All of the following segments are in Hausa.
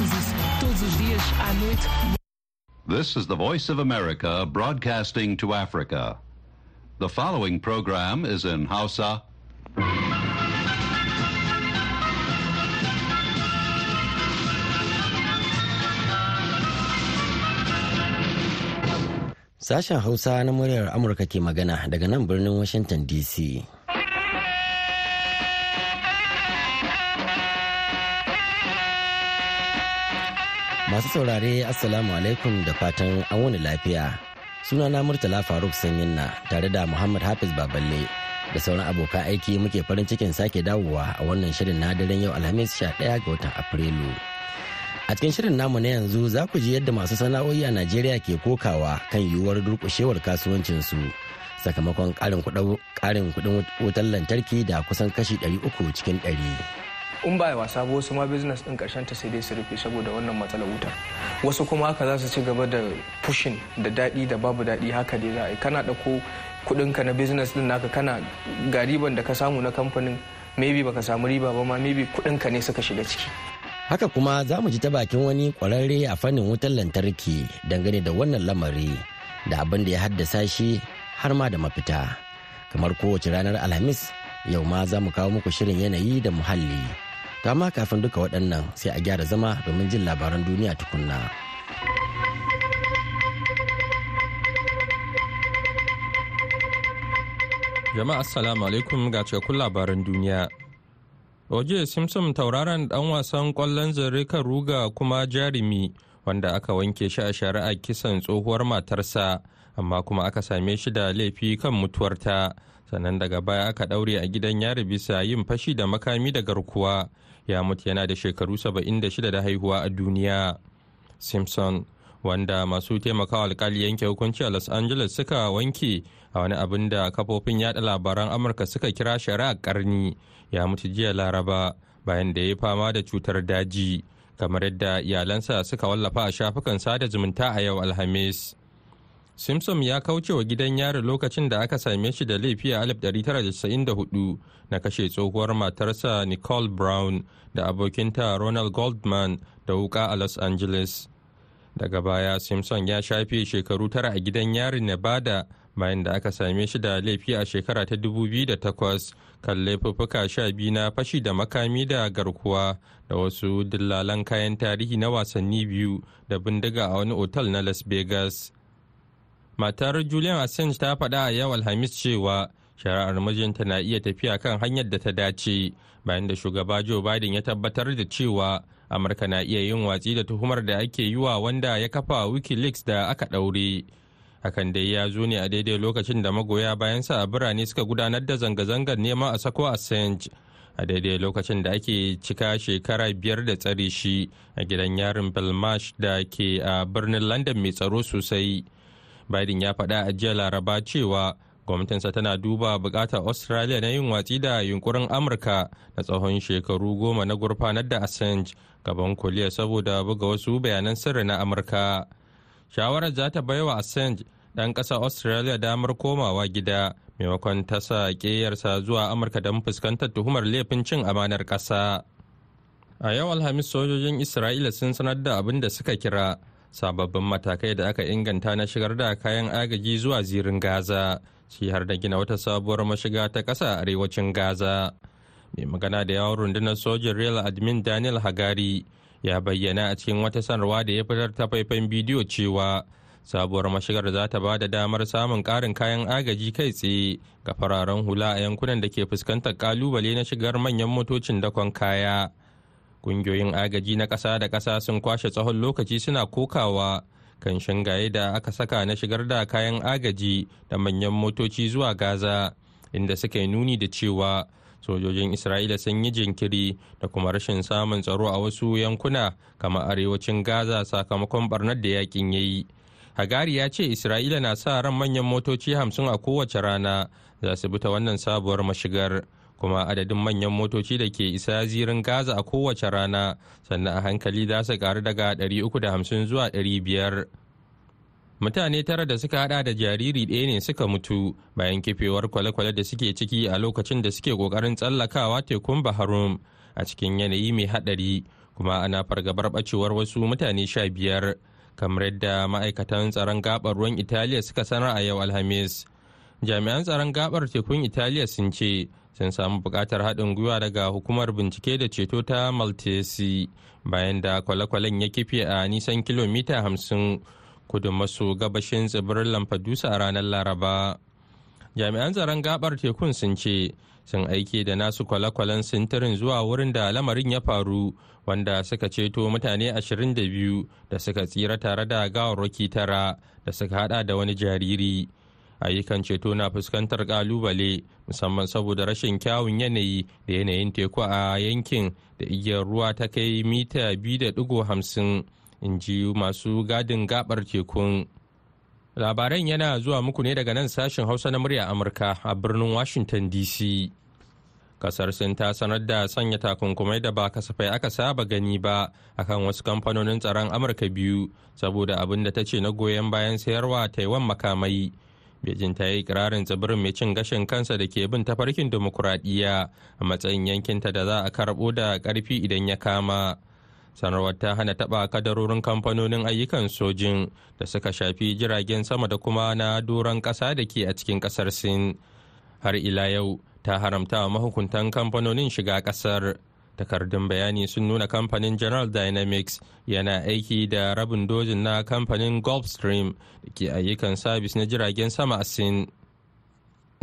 faças isso todos os dias, à noite. This is the Voice of America broadcasting to Africa. The following program is in Hausa. Sashen Hausa na muryar Amurka ke magana daga nan birnin Washington DC. Masu saurare Assalamu alaikum da fatan an wani lafiya. Suna na Murtala Faruk sanyin na tare da Muhammad Hafiz Baballe da sauran abokan aiki muke farin cikin sake dawowa a wannan shirin na daren yau Alhamis 11 ga watan Afrilu. A cikin shirin namu na yanzu za ku ji yadda masu sana'o'i a Najeriya ke kokawa kan yiwuwar durƙushewar kasuwancinsu sakamakon ƙarin kuɗin wutar lantarki da kusan kashi 300 cikin 100. in ba wasa ba wasu ma business din karshen ta sai dai su rufe saboda wannan matsalar wutar wasu kuma haka za su ci gaba da pushing da daɗi da babu daɗi haka dai za a yi kana ɗauko kuɗinka na business din naka kana ga riban da ka samu na kamfanin maybe baka samu riba ba ma maybe kuɗinka ne suka shiga ciki haka kuma za mu ji ta bakin wani kwararre a fannin wutar lantarki dangane da wannan lamari da abin da ya haddasa shi har ma da mafita kamar kowace ranar alhamis yau ma za mu kawo muku shirin yanayi da muhalli Kama kafin duka waɗannan sai a gyara zama domin jin labaran duniya tukunna. Jama'a Assalamu alaikum ga cikakkun labaran duniya. Oje Simpson tauraron dan wasan kwallon zare kan ruga kuma jarumi wanda aka wanke shi a shari'a kisan tsohuwar matarsa amma kuma aka same shi da laifi kan mutuwarta sannan daga baya aka ɗaure a gidan yari bisa yin fashi da makami da garkuwa ya mutu yana da shekaru 76 da haihuwa a duniya simpson wanda masu taimakawa alkali yanke hukunci a los angeles suka wanke a wani abin da kafofin yada labaran amurka suka kira shari'a karni ya mutu jiya laraba bayan da ya fama da cutar daji kamar yadda iyalansa suka wallafa a shafukan sada zumunta a yau alhamis Simpson ya kauce wa gidan yari lokacin da aka same shi da laifi a 1994 na kashe tsohuwar matarsa Nicole Brown da abokinta Ronald Goldman da wuka a Los Angeles. Daga baya Simpson ya shafe shekaru tara a gidan yari Nevada bayan da aka same shi da laifi a shekara ta 2008 kan laifuffuka sha biyu na fashi da makami da garkuwa da wasu dillalan kayan tarihi na wasanni biyu da bindiga a wani otal na Las Vegas. matar julian assange ta faɗa a yau alhamis cewa shari'ar mijinta na iya tafiya kan hanyar da ta dace bayan da shugaba joe biden ya tabbatar da cewa amurka na iya yin watsi da tuhumar da ake yi wa wanda ya kafa wikileaks da aka ɗaure hakan dai ya zo ne a daidai lokacin da magoya bayansa a birane suka gudanar da zanga-zangar neman a sako assange a daidai lokacin da ake cika shekara biyar da tsare shi a gidan yarin belmash da ke a birnin london mai tsaro sosai biden ya faɗa a jiya laraba cewa gwamnatinsa tana duba bukatar australia na yin watsi da yunkurin amurka na tsawon shekaru goma na gurfanar da assange gaban kuliya saboda buga wasu bayanan sirri na amurka shawarar za ta baiwa assange ɗan ƙasa australia damar komawa gida maimakon ta sa ƙeyarsa zuwa amurka don fuskantar tuhumar laifin cin amanar ƙasa a yau alhamis sojojin isra'ila sun sanar da abin da suka kira sababbin matakai da aka inganta na shigar da kayan agaji zuwa zirin gaza shi har da gina wata sabuwar mashiga ta ƙasa a arewacin gaza mai magana da yawon rundunar sojin real admin daniel hagari ya bayyana a cikin wata sanarwa da ya fitar ta faifan bidiyo cewa sabuwar mashigar za ta ba da damar samun karin kayan agaji kai tsaye ga fararen hula a yankunan da ke fuskantar kalubale na shigar manyan motocin dakon kaya Ƙungiyoyin agaji na ƙasa da ƙasa sun kwashe tsawon lokaci suna kokawa kan shingaye da aka saka na shigar da kayan agaji da manyan motoci zuwa Gaza, inda suka yi nuni da cewa sojojin Isra'ila sun yi jinkiri da kuma rashin samun tsaro a wasu yankuna kamar arewacin Gaza sakamakon barnar da yakin ya yi. Hagari ya ce Isra'ila na sa ran manyan motoci hamsin a kowace rana za su bi ta wannan sabuwar mashigar. kuma adadin manyan motoci da ke isa zirin gaza a kowace rana sannan a hankali za su karu daga 350 zuwa 500 mutane tara da suka hada da jariri ɗaya ne suka mutu bayan kifewar kwale-kwale da suke ciki a lokacin da suke kokarin tsallakawa tekun baharum a cikin yanayi mai haɗari kuma ana fargabar ɓacewar wasu mutane sha biyar kamar yadda ma'aikatan tsaron gabar ruwan italiya suka sanar a yau alhamis jami'an tsaron gabar tekun italiya sun ce sun samu bukatar haɗin gwiwa daga hukumar bincike da ceto ta maltese bayan da kwale-kwalen ya kife a nisan kilomita hamsin kudu maso gabashin tsibirin lamfadusa a ranar laraba jami'an tsaron gabar tekun sun ce sun aike da nasu kwale-kwalen sintirin zuwa wurin da lamarin ya faru wanda suka ceto mutane ashirin da biyu da suka tsira tare da gawarwaki tara da suka hada da wani jariri ayyukan ceto na fuskantar kalubale musamman saboda rashin kyawun yanayi da yanayin teku a yankin da igiyar ruwa ta kai mita 2.50 in ji masu gadin gabar tekun labaran yana zuwa muku ne daga nan sashen hausa na murya amurka a birnin washington dc kasar sin ta sanar da sanya takunkumai da ba kasafai aka saba gani ba akan wasu kamfanonin tsaron amurka biyu saboda abin da ta ce na goyon bayan sayarwa taiwan makamai Beijing ta yi ikirarin tsibirin mai cin gashin kansa da ke bin tafarkin demokuraɗiyya a matsayin yankinta da za a karɓo da ƙarfi idan ya kama. Sanarwar ta hana taɓa kadarorin kamfanonin ayyukan sojin da suka shafi jiragen sama da kuma na doron ƙasa da ke a cikin ƙasar Sin. Har ila yau ta haramta mahukuntan kamfanonin shiga ƙasar. takardun bayani sun nuna kamfanin general dynamics yana aiki da rabin dojin na kamfanin gulfstream da ke ayyukan sabis na jiragen sama a sin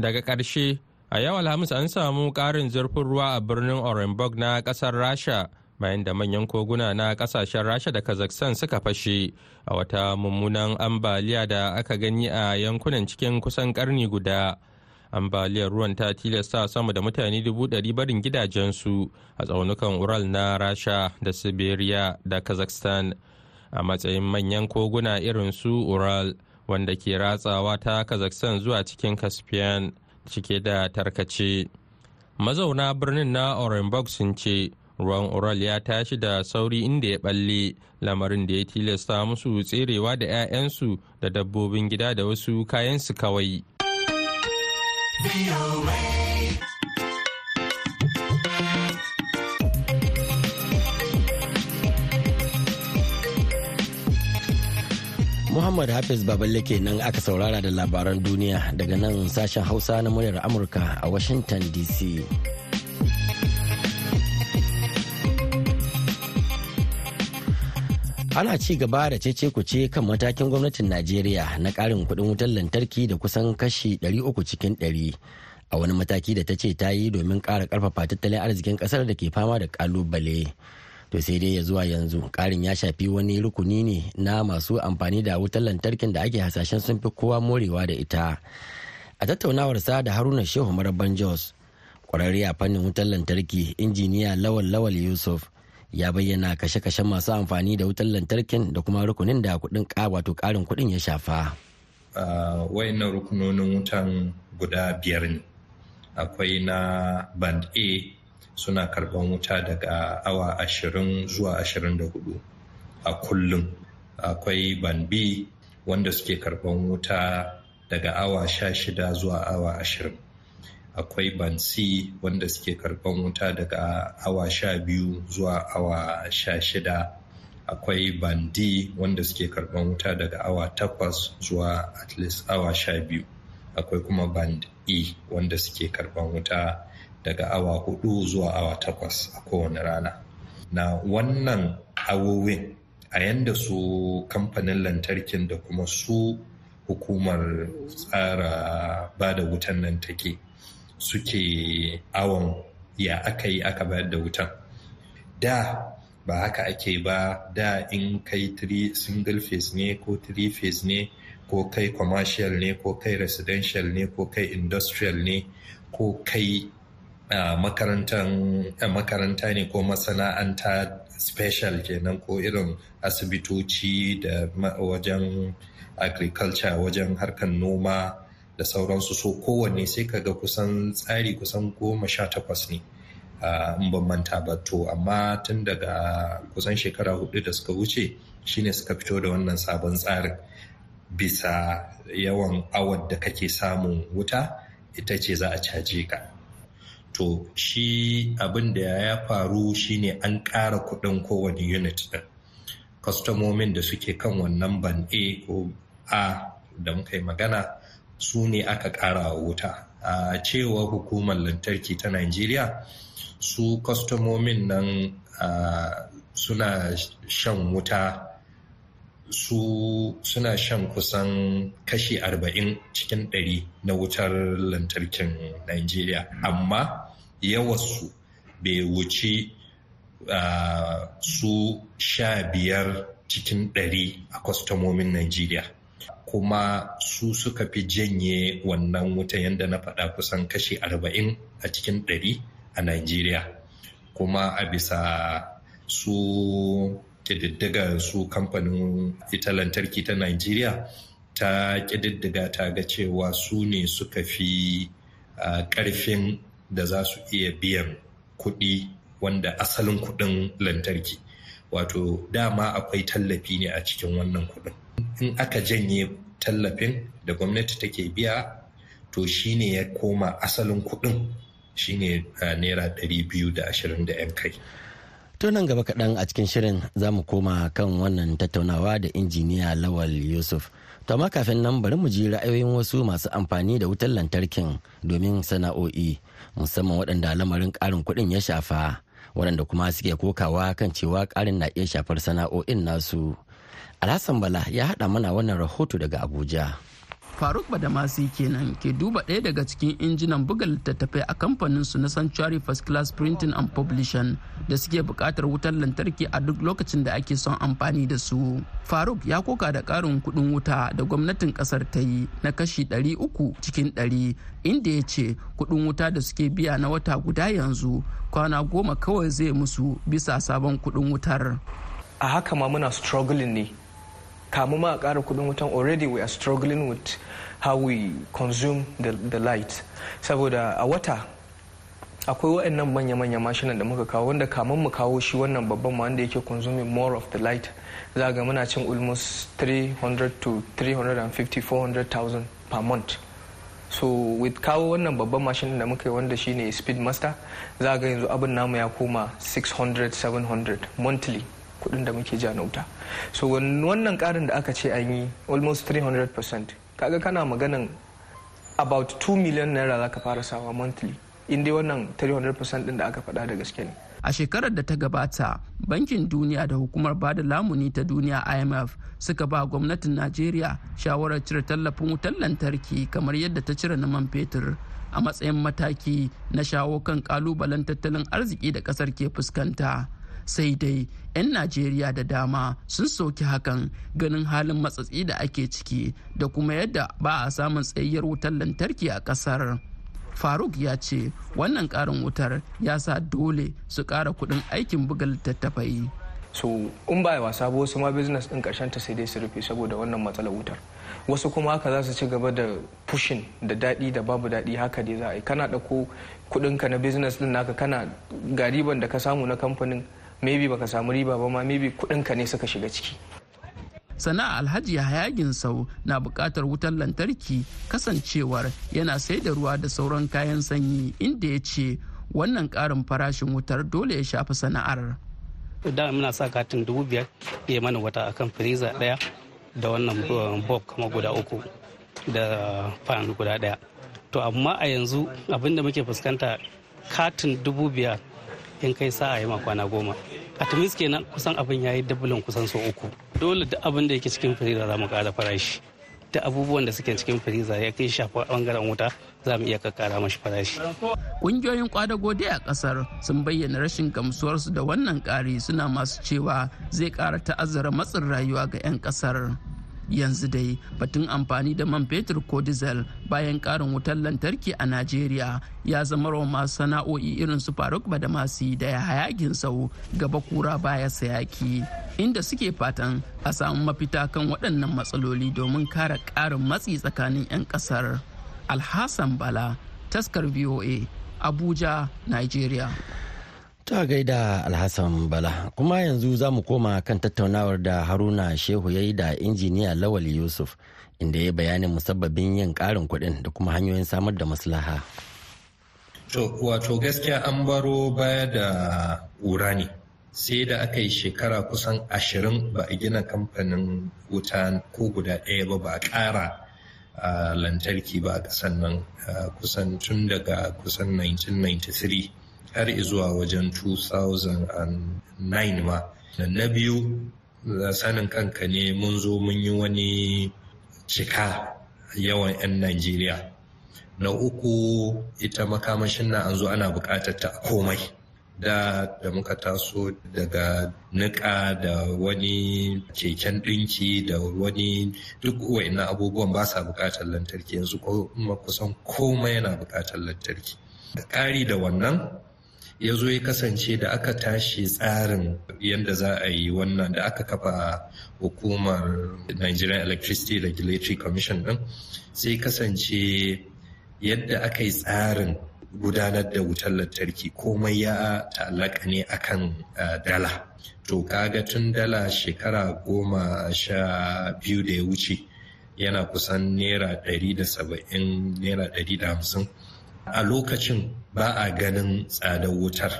daga ƙarshe a yau alhamis an samu ƙarin zurfin ruwa a birnin orenburg na ƙasar rasha bayan da manyan koguna na kasashen rasha da kazakhstan suka fashe a wata mummunan ambaliya da aka gani a yankunan cikin kusan karni guda ambaliyar ruwan ta tilasta sama da mutane dubu ɗari barin gidajensu a tsaunukan ural na rasha da siberia da kazakhstan a matsayin manyan koguna irin su ural wanda ke ratsawa ta kazakhstan zuwa cikin caspian cike da tarkace mazauna birnin na orenburg sun ce ruwan ural ya tashi da sauri inda ya balle lamarin da ya tilasta musu tserewa da 'ya'yansu da dabbobin gida da wasu kayansu kawai Muhammad Hafiz Baballe nan aka saurara da labaran duniya daga nan sashen Hausa na muryar Amurka a Washington DC. ana ci gaba da cece kuce kan matakin gwamnatin najeriya na karin kudin wutar lantarki da kusan kashi 300 cikin 100 a wani mataki da ta ce ta yi domin ƙara karfafa tattalin arzikin ƙasar da ke fama da ƙalubale to sai dai ya zuwa yanzu karin ya shafi wani rukuni ne na masu amfani da wutar lantarkin da ake hasashen sun fi kowa morewa da ita a tattaunawar sa da haruna shehu maraban jos kwararriya fannin wutar lantarki injiniya lawal lawal yusuf ya bayyana kashe-kashe masu amfani da wutar lantarkin da kuma rukunin da kuɗin wato ƙarin kuɗin ya shafa. Ah, wayannan rukunonin wutan guda biyar ne akwai na band a suna karban wuta daga awa ashirin zuwa ashirin da hudu a kullum akwai band b wanda suke karban wuta daga awa sha shida zuwa awa ashirin akwai bansi wanda suke karban wuta daga awa sha biyu zuwa awa sha shida akwai bandi wanda suke karban wuta daga awa takwas zuwa at least awa sha biyu akwai kuma band e wanda suke karban wuta daga awa hudu zuwa awa takwas a kowane rana na wannan awowin a yanda su kamfanin lantarkin da kuma su hukumar tsara bada wutan nan take suke awon ya aka yi aka bayar da wutan da ba haka ake ba da in kai single phase ne ko three phase ne ko kai commercial ne ko kai residential ne ko kai industrial ne ko kai makaranta ne ko masana'anta special kenan ko irin asibitoci da wajen agriculture wajen harkar noma da sauransu so kowanne sai ka ga kusan tsari kusan goma sha takwas ne in ban ba to amma tun daga kusan shekara hudu da suka wuce shine suka fito da wannan sabon tsarin bisa yawan awar da kake samun wuta ita ce za a caje ka to shi abin da ya faru shine an ƙara kuɗin kowane unit ɗin kwastomomin da suke kan wannan ban a ko a da muka yi magana su ne aka ƙara wuta a cewa hukumar lantarki ta najeriya su kwastomomin nan suna shan wuta su suna shan kusan kashi 40 cikin 100 na wutar lantarkin Najeriya amma yawansu bai wuce su sha biyar cikin 100 a kwastomomin Najeriya. kuma su suka fi janye wannan wuta yadda na faɗa kusan kashi 40 a cikin 100 a Najeriya kuma a bisa su ƙididdiga su kamfanin ita lantarki ta Najeriya ta ƙididdiga ta ga cewa su ne suka fi ƙarfin da za su iya biyan kuɗi wanda asalin kuɗin lantarki wato dama akwai tallafi ne a cikin wannan kuɗin in aka janye tallafin da gwamnati take biya to shine ya koma asalin kuɗin shine naira 220 da 'yan kai. To nan gaba kaɗan a cikin shirin za mu koma kan wannan tattaunawa da injiniya Lawal Yusuf. To amma kafin nan bari mu ji ra'ayoyin wasu masu amfani da wutar lantarkin domin sana'o'i musamman waɗanda lamarin ƙarin kuɗin ya shafa waɗanda kuma suke kokawa kan cewa ƙarin na iya shafar sana'o'in nasu. alhassan bala ya haɗa mana wannan rahoto daga abuja faruk badamasi kenan ke duba ɗaya daga cikin injinan buga littattafai a kamfanin su na sanctuary first class printing and publishing da suke buƙatar wutar lantarki a duk lokacin da ake son amfani da su faruk ya koka da ƙarin kuɗin wuta da gwamnatin ƙasar ta yi na kashi ɗari uku cikin ɗari inda ya ce kuɗin wuta da suke biya na wata guda yanzu kwana goma kawai zai musu bisa sabon kuɗin wutar a haka ma muna struggling ne kamu ma a kara kuɗin wutan already we are struggling with how we consume the, the light saboda a wata akwai waɗannan manya-manya mashinan da muka kawo wanda kamun mu kawo shi wannan babban ma wanda yake consuming more of the light za ga muna cin almost 300 to 350 400,000 per month so with kawo wannan babban mashin da muka yi wanda shine speed master za ga yanzu abin namu ya koma 600 700 monthly kudin da muke ja na wuta so wannan karin da aka ce an yi almost 300% kaga kana maganan about 2 million naira za ka fara sawa monthly in dai wannan 300% din da aka faɗa da gaske ne a shekarar da ta gabata bankin duniya da hukumar ba da lamuni ta duniya imf suka ba gwamnatin najeriya shawarar cire tallafin wutar lantarki kamar yadda ta cire na man fetur a matsayin mataki na shawo kan kalubalen tattalin arziki da kasar ke fuskanta sai dai 'yan najeriya da dama sun soki hakan ganin halin matsatsi da ake ciki da kuma yadda ba a samun tsayayyar wutar lantarki a kasar faruk ya ce wannan karin wutar ya sa dole su kara kudin aikin buga littattafai so in ba wasa ba wasu ma business din karshen ta sai dai su rufe saboda wannan matsalar wutar wasu kuma haka za su ci gaba da pushing da dadi da babu dadi haka dai za a yi kana ɗauko kuɗinka na business din naka kana gariban da ka samu na kamfanin maybe baka samu riba ba ma maybe kudinka ne suka shiga ciki sana'a alhaji hayagin sau na buƙatar wutar lantarki kasancewar yana sai da ruwa da sauran kayan sanyi inda ya ce wannan ƙarin farashin wutar dole ya shafi sana'ar idan muna sa katin dubu biyar ya mana wata akan firiza daya da wannan um, bob kama guda uku da fan guda daya to amma a yanzu abinda muke fuskanta katin dubu biyar in kai sa'a ya ma kwana goma a tumis kenan kusan abin yayi dabulan kusan so uku dole da abin da yake cikin firiza za mu kara farashi da abubuwan da suke cikin firiza ya kai shafa bangaren wuta za mu iya kakkara mashi farashi. Ƙungiyoyin kwada gode a ƙasar sun bayyana rashin gamsuwarsu da wannan ƙari suna masu cewa zai kara ta'azzara matsin rayuwa ga 'yan ƙasar. yanzu dai batun amfani da man fetur ko diesel bayan karin wutar lantarki a najeriya ya zama wa masu sana'o'i irin su faruk badamasi da ya hayakin sau gaba kura baya sayaki inda suke fatan a samu mafita kan waɗannan matsaloli domin kare ƙarin matsi tsakanin 'yan ƙasar alhassan bala taskar voa abuja nigeria ta gaida alhassan bala kuma yanzu za mu koma kan tattaunawar da haruna shehu ya yi da injiniya lawal yusuf inda ya bayanin musabbabin yin karin kudin da kuma hanyoyin samar da maslaha wato gaskiya an baro baya da ƙura sai da aka yi shekara kusan ashirin ba a gina kamfanin wuta ko guda ɗaya ba ba a ƙara lantarki ba a kusan tun daga kusan 1993 har zuwa wajen 2009 ma na biyu sanin kanka ne mun zo mun yi wani cika yawan 'yan najeriya na uku ita makamashin na an zo ana buƙatar ta komai da da muka taso daga niƙa da wani keken ɗinki da wani duk wa'ina abubuwan ba sa buƙatar lantarki yanzu kusan komai yana buƙatar lantarki da ƙari da wannan ya zo ya kasance da aka tashi tsarin yadda za a yi wannan da aka kafa hukumar nigerian electricity regulatory commission din sai kasance yadda aka yi tsarin gudanar da wutar lantarki komai ya ta'allaka ne akan dala to kaga tun dala shekara goma sha biyu da ya wuce yana kusan naira 170 naira 150 a lokacin ba a ganin tsadar wutar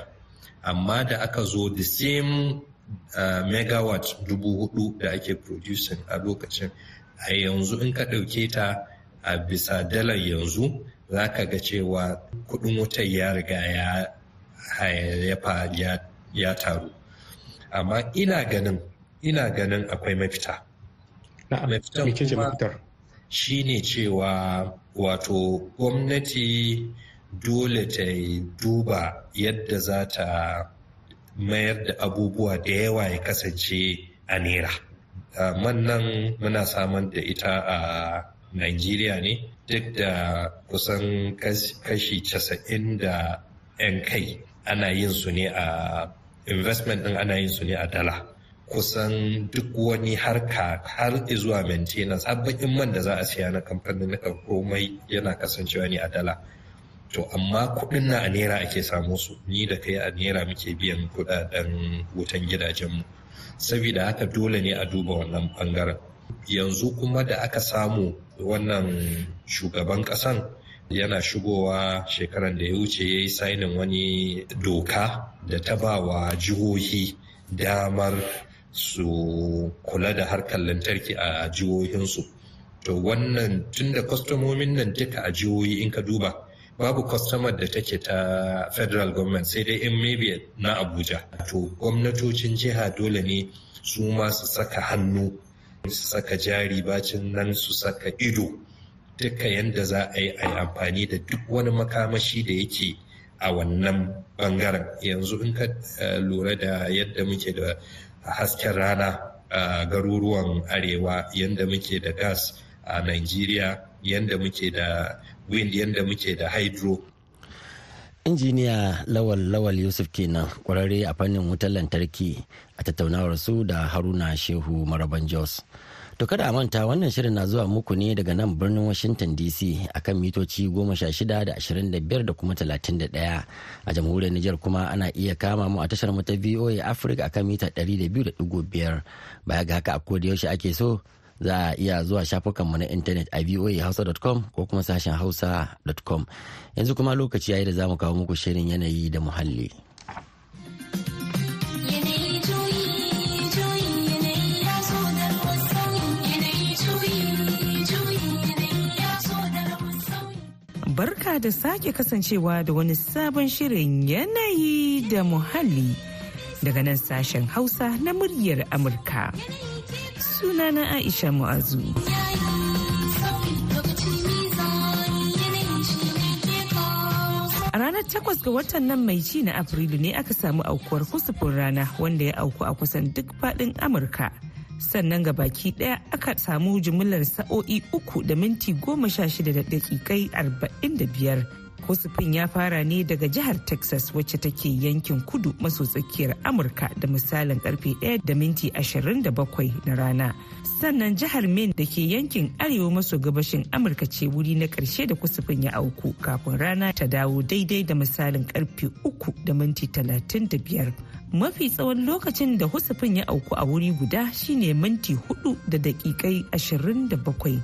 amma da aka zo the same uh, megawatt dubu hudu da ake producing a lokacin a yanzu in ka ɗauke ta a bisa dalar yanzu za ka ga cewa kudin wutar ya riga ya hayayyafa ya taru amma ina ganin ina ganin akwai mafita mafitar shi ne cewa wato gwamnati dole ta yi duba yadda za ta mayar da abubuwa da yawa ya kasance a nera. mannan muna samun da ita a Najeriya ne duk da kusan kashi casa'in da 'yan kai ana yin su ne a investment din ana yin su ne a dala kusan duk wani harka har zuwa maintenance har bakin man da za a siya na kamfanin komai yana kasancewa ne a dala to amma kuɗin na a naira ake samu su ni da kai a naira muke biyan kuɗaɗen wutan gidajenmu saboda haka dole ne a duba wannan bangaren yanzu kuma da aka samu wannan shugaban ƙasan yana shigowa shekaran da ya wuce ya yi sainin wani doka da ta ba wa jihohi damar su kula da harkar lantarki a jihohinsu to wannan tun da kwastomomin nan duka a jihohi in ka duba babu kwastomar da take ta federal government sai dai in maybe na abuja to gwamnatocin jiha dole ne su ma su saka hannu su saka jari bacin nan su saka ido duka yadda za a yi a yi amfani da duk wani makamashi da yake a wannan bangaren yanzu in ka eh, lura da yadda muke da A hasken rana a garuruwan arewa yadda muke da gas a Nigeria yadda muke da wind yadda muke da hydro injiniya lawal lawal yusuf kenan kwararre a fannin wutar lantarki a tattaunawar su da haruna shehu maraban jos To kada a manta wannan shirin na zuwa muku ne daga nan birnin Washington DC akan mitoci shida da ashirin da kuma talatin da ɗaya, a jamhuriyar Nijar kuma ana iya kama mu a tashar mu ta VOA Africa akan mita ɗari da 200.5 baya ga haka a koda yaushe ake so za a iya zuwa shafukanmu na intanet a voahausa.com ko kuma sashen hausa.com yanzu kuma lokaci yayi da za mu kawo muku shirin yanayi da muhalli. barka da sake kasancewa da wani sabon shirin yanayi da muhalli daga nan sashen Hausa na muryar Amurka. Sunana Aisha Mu'azu. ranar takwas ga watan nan mai ci na afrilu ne aka samu aukuwar kusufin rana wanda ya auku a kusan duk faɗin amurka sannan ga baki daya aka samu jimillar sa'o'i uku da minti goma sha shida da dakikai arba'in da biyar Hosifin ya fara ne daga jihar Texas wacce take yankin kudu maso tsakiyar Amurka da misalin karfe 1 da minti 27 na rana. Sannan jihar Maine da ke yankin arewa maso gabashin Amurka ce wuri na karshe da kusufin ya auku kafin rana ta dawo daidai da misalin karfe 3 da minti 35. Mafi tsawon lokacin da husufin ya auku a wuri guda shine minti hudu da dakikai bakwai.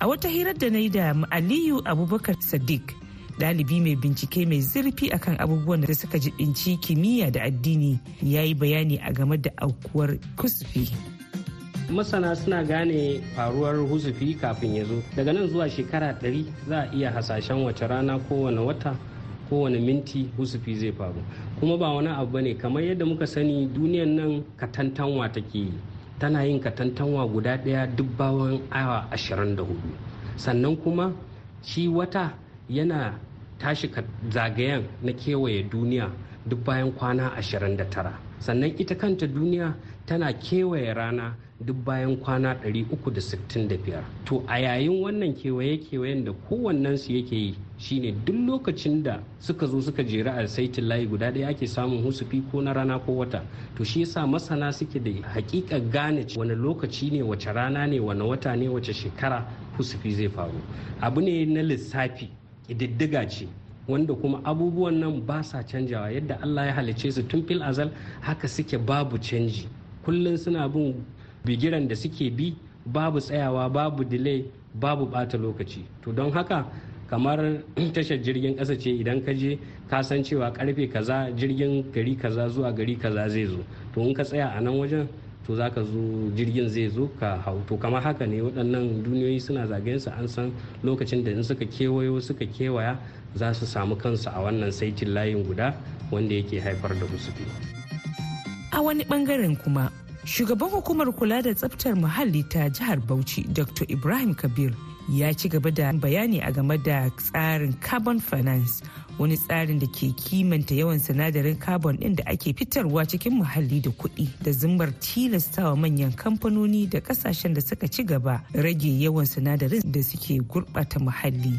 A wata hirar da na yi da maaliyu Abubakar Sadiq ɗalibi mai bincike mai zurfi akan abubuwan da suka jibinci kimiyya da addini ya yi bayani a game da aukuwar kusufi masana suna gane faruwar husufi kafin ya zo daga nan zuwa shekara 100 za a iya hasashen wace rana kowane wata kowane minti husufi zai faru kuma ba wani abu ne kamar yadda muka sani duniyan nan katantanwa take yi tana yin katantanwa guda daya duk bawan awa 24 sannan kuma shi wata yana tashi ka zagayen na kewaye duniya duk bayan kwana 29 sannan ita kanta duniya tana kewaye rana duk bayan kwana 365 to a yayin wannan kewaye-kewayen da kowannensu yake yi shine duk lokacin da suka zo suka jera a saitin layi guda ɗaya ake samun husufi ko na rana ko wata to shi yasa masana suke da hakika gane wani lokaci ne wace rana ne wani wata ne wace shekara husufi zai faru abu ne na lissafi ƙididdiga ce wanda kuma abubuwan nan ba sa canjawa yadda allah ya halice su tun fil azal haka suke babu canji kullum suna bin bigiran da suke bi babu tsayawa babu delay babu bata lokaci to don haka kamar tashar jirgin ƙasa ce idan ka je ka san cewa karfe kaza jirgin gari kaza zuwa gari kaza zai zo to in ka tsaya a nan wajen to za ka zo jirgin zai zo ka hau to kamar haka ne waɗannan duniyoyi suna zagayensu an san lokacin da in suka kewayo suka kewaya za su samu kansu a wannan saitin layin guda wanda yake haifar da musu a wani ɓangaren kuma Shugaban hukumar kula da tsaftar muhalli ta jihar Bauchi Dr. Ibrahim Kabir ya ci gaba da bayani a game da tsarin carbon finance wani tsarin da ke kimanta yawan sinadarin carbon ɗin da ake fitarwa cikin muhalli da kuɗi da zumbar tilastawa manyan kamfanoni da ƙasashen da suka ci gaba rage yawan sinadarin da suke gurɓata muhalli.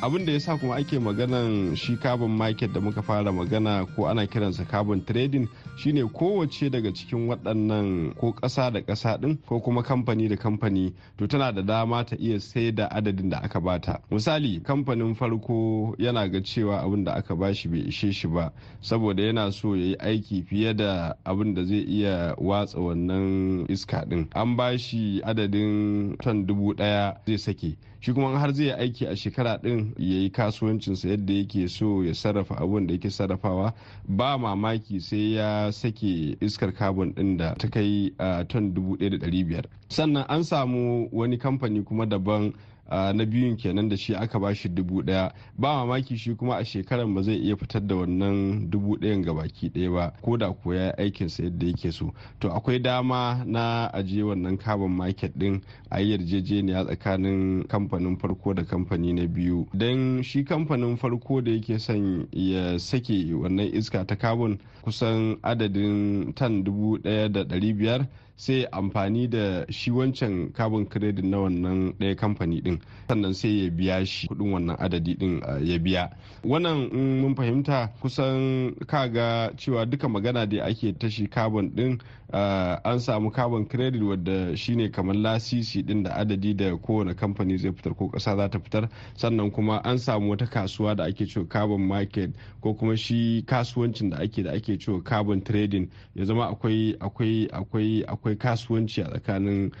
abin da ya sa kuma ake maganan shi carbon market da muka fara magana ko ana kiransa carbon trading shine kowace daga cikin waɗannan ko ƙasa da ƙasa ɗin ko kuma kamfani da kamfani to tana da dama ta iya sai da adadin da aka bata misali kamfanin farko yana ga cewa abin da aka bashi bai ishe shi ba saboda yana so ya yi aiki fiye da abin da zai iya watsa wannan iska ɗin an bashi adadin ton dubu ɗaya zai sake shi kuma har zai aiki a shekara din ya yi kasuwancinsa yadda yake so ya sarrafa abun da yake sarrafawa ba mamaki sai ya sake iskar carbon din da ta kai a ah, ton 1,500 sannan an samu wani kamfani kuma daban na biyun kenan da shi aka ba shi dubu daya ba mamaki shi kuma a shekaran ba zai iya fitar da wannan dubu dayan ga baki daya ba ko da ko ya aikin sa yadda yake so to akwai dama na ajiye wannan carbon market din a yarjejeniya tsakanin kamfanin farko da kamfani na biyu don shi kamfanin farko da yake son ya sake wannan iska ta carbon kusan adadin tan dubu daya da dari biyar sai amfani da shi wancan carbon credit na wannan ɗaya kamfani din sannan sai ya biya shi kuɗin wannan adadi din ya biya wannan mun fahimta kusan kaga cewa duka magana da ake ta shi carbon din an samu carbon credit wadda shine kamar lasisi din da adadi da kowane kamfani zai fitar ko ƙasa za ta fitar sannan kuma an samu wata kasuwa da ake cewa carbon market ko kuma shi kasuwancin da ake da ake cewa carbon trading ya zama akwai akwai akwai akwai kasuwanci a tsakanin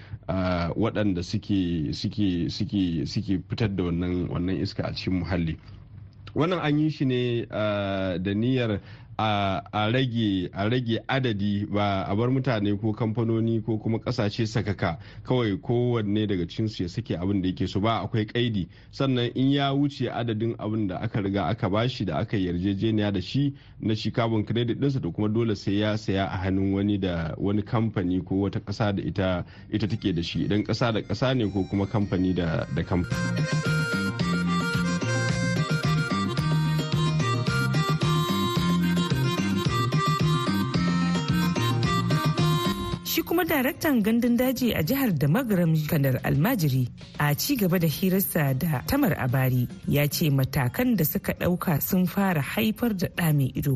waɗanda suke fitar da wannan iska a cikin muhalli wannan an yi shi ne da niyyar a rage adadi ba a bar mutane ko kamfanoni ko kuma kasashe sakaka kawai kowanne daga cinsu ya sake abin da yake so ba akwai kaidi sannan in ya wuce adadin abin da aka riga aka bashi da aka yarjejeniya da shi na shi carbon credit dinsa da kuma dole sai ya saya a hannun wani da wani kamfani ko wata kasa da ita take da shi idan kasa da kasa ne ko kuma kamfani da da kamfani kuma daraktan gandun daji a jihar da magaram kanar almajiri a ci gaba da hirarsa da tamar abari ya ce matakan da suka dauka sun fara haifar da da mai ido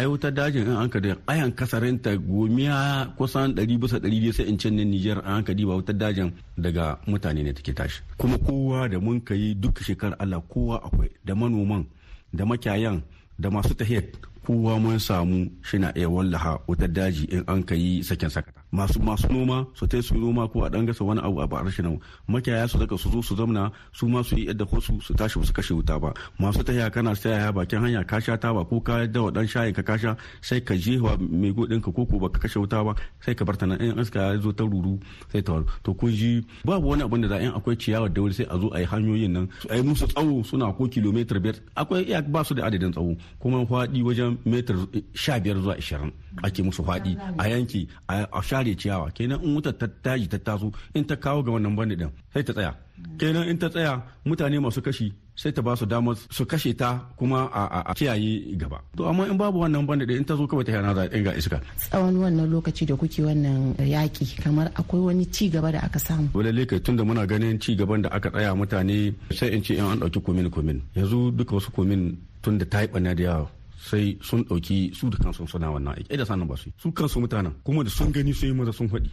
ai wuta dajin in an ka da ayan ta gomiya kusan 100 sai in can ne Niger an ka ba wuta dajin daga mutane ne take tashi kuma kowa da mun kai duk shekar Allah kowa akwai da manoman da makiyayan da masu tahiyar kowa mun samu shi na iya wallaha wutar daji in an ka yi sakin sakata masu masu noma su tai su noma ko a dan gasa wani abu a ba nan makiyaya su daga su zo su zamna su ma su yi yadda ko su su tashi su kashe wuta ba masu tahiya kana su tahiya bakin hanya ka sha ta ba ko ka wa dan shayin ka kasha sai ka je wa mai godin ka ko baka kashe wuta ba sai ka ta nan in iska ya zo ta ruru sai ta to kun ji babu wani abin da za yi akwai ciyawa da wuri sai a zo a yi hanyoyin nan a yi musu tsawo suna ko kilomitar biyar akwai iya ba su da adadin tsawo kuma faɗi wajen metar sha biyar zuwa ashirin ake musu faɗi a yanki a share ciyawa kenan in wutar ta taji ta taso in ta kawo ga wannan bandi din sai ta tsaya kenan in ta tsaya mutane masu kashi sai ta ba su damar su kashe ta kuma a kiyaye gaba to amma in babu wannan bandi din in ta zo kawai ta yana za a iska tsawon wannan lokaci da kuke wannan yaki kamar akwai wani ci gaba da aka samu lalle tun tunda muna ganin ci gaban da aka tsaya mutane sai in ce in an dauki komin komin yanzu duka wasu komin tun da ta yi da yawa sai sun ɗauki su da kansu suna wannan aiki da sanan ba su su kansu mutanen kuma da sun gani sai maza sun faɗi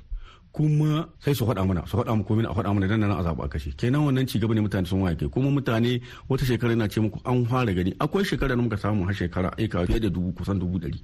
kuma sai su faɗa mana su faɗa mu komai a faɗa mana dan nan a zaɓa kashe kenan wannan ci gaba ne mutane sun waye kuma mutane wata shekara ina ce muku an fara gani akwai shekara da muka samu har shekara aika fiye da dubu kusan dubu ɗari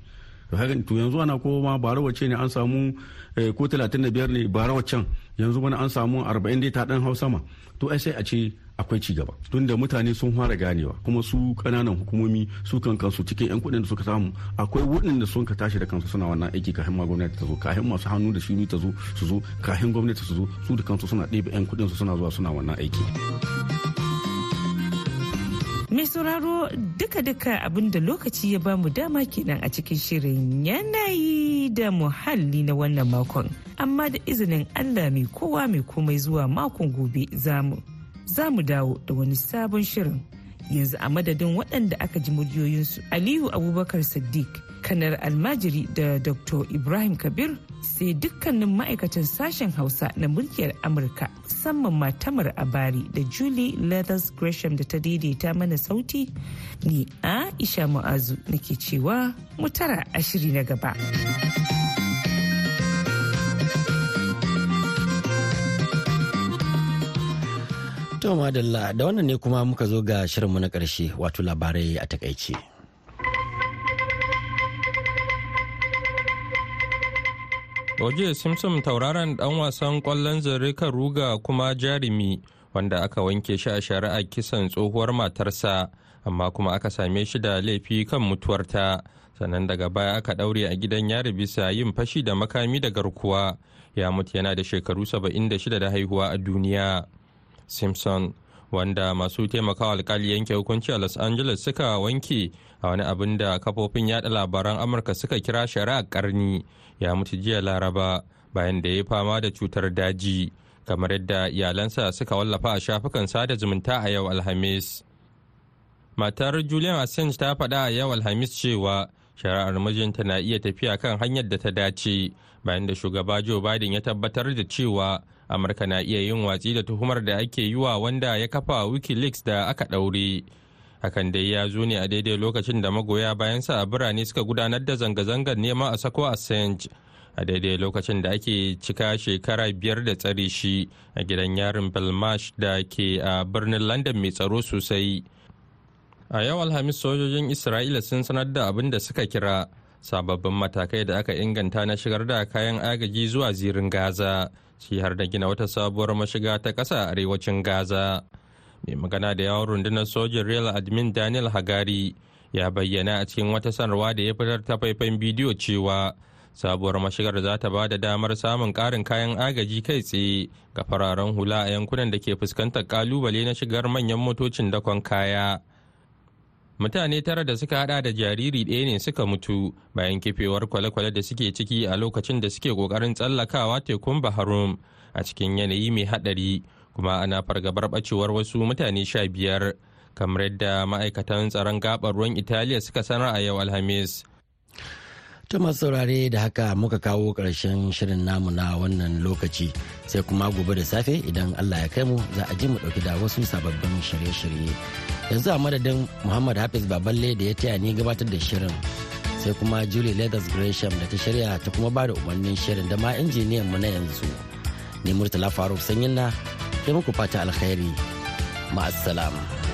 to haka to yanzu ana ma bara wacce ne an samu eh, ko 35 ne bara waccan yanzu bana an samu 40 dai ta dan hausa ma to ai sai a ce akwai ci gaba tunda mutane sun fara ganewa kuma su kananan hukumomi su kan kansu cikin yan kuɗin da suka samu akwai waɗanda sun ka tashi da kansu suna wannan aiki kafin ma gwamnati ta zo kafin masu hannu da shuni ta zo su zo kafin gwamnati su zo su da kansu suna ɗebe yan kuɗin su suna zuwa suna wannan aiki. mai sauraro duka-duka abinda lokaci ya bamu dama kenan a cikin shirin yanayi da muhalli na wannan makon amma da izinin allah mai kowa mai komai zuwa makon gobe zamu za mu dawo da wani sabon shirin yanzu a madadin waɗanda aka ji muryoyinsu aliyu abubakar siddiq kanar almajiri da dr ibrahim kabir sai dukkanin ma'aikatan sashen hausa na mulkiyar amurka musamman matamar abari da julie leathers gresham da ta daidaita mana sauti ni aisha mu'azu nake cewa mutara ashiri na gaba. To madalla da wannan ne kuma muka zo ga shirinmu na karshe wato labarai a takaice. Oje Simpson tauraron dan wasan kwallon zare kan ruga kuma jarumi wanda aka wanke shi a shari'a kisan tsohuwar matarsa amma kuma aka same shi da laifi kan mutuwarta sannan daga baya aka daure a gidan yari bisa yin fashi da makami da garkuwa ya mutu yana da shekaru 76 da haihuwa a duniya. simpson wanda masu taimakawa alkali yanke hukunci a los angeles suka wanke a wani abin da kafofin yada labaran amurka suka kira shari'a karni ya mutu jiya laraba bayan da ya fama da cutar daji kamar yadda iyalansa suka wallafa a shafukan sada zumunta a yau alhamis matar julian assange ta faɗa a yau alhamis cewa shari'ar mijinta na iya tafiya kan hanyar da ta dace bayan da shugaba joe biden ya tabbatar da cewa amurka na iya yin watsi da tuhumar da ake yi wa wanda ya kafa wikileaks da aka ɗaure hakan dai ya zo ne a daidai lokacin da magoya bayansa a birane suka gudanar da zanga-zangar neman a sako assange a daidai lokacin da ake cika shekara biyar da tsare shi a gidan yarin belmash da ke a birnin london mai tsaro sosai a yau alhamis sojojin isra'ila sun sanar da abin da suka kira sababbin matakai da aka inganta na shigar da kayan agaji zuwa zirin gaza ciki har da gina wata sabuwar mashiga ta kasa a arewacin gaza mai magana da yawon rundunar sojin real admin daniel hagari ya bayyana a cikin wata sanarwa da ya fitar ta faifan bidiyo cewa sabuwar mashigar za ta ba da damar samun ƙarin kayan agaji kai tsaye ga fararen hula a yankunan da ke fuskantar kalubale na shigar manyan motocin dakon kaya. mutane tara da suka hada da jariri ɗaya ne suka mutu bayan kifewar kwale-kwale da suke ciki a lokacin da suke kokarin tsallakawa tekun baharum a cikin yanayi mai haɗari kuma ana fargabar ɓacewar wasu mutane sha biyar kamar yadda ma'aikatan tsaron gabar ruwan italiya suka sanar a yau alhamis To masu saurare da haka muka kawo ƙarshen shirin namu na wannan lokaci sai kuma gobe da safe idan Allah ya kai mu za a ji mu ɗauki da wasu sababbin shirye-shirye. Yanzu a madadin Muhammad Hafiz Baballe da ya taya ni gabatar da shirin sai kuma Julie Leathers Gresham da ta shirya ta kuma ba da umarnin shirin da ma injiniyan mu na yanzu. Ni Murtala Faruk Sanyin na ke muku fata alkhairi. Ma'assalam.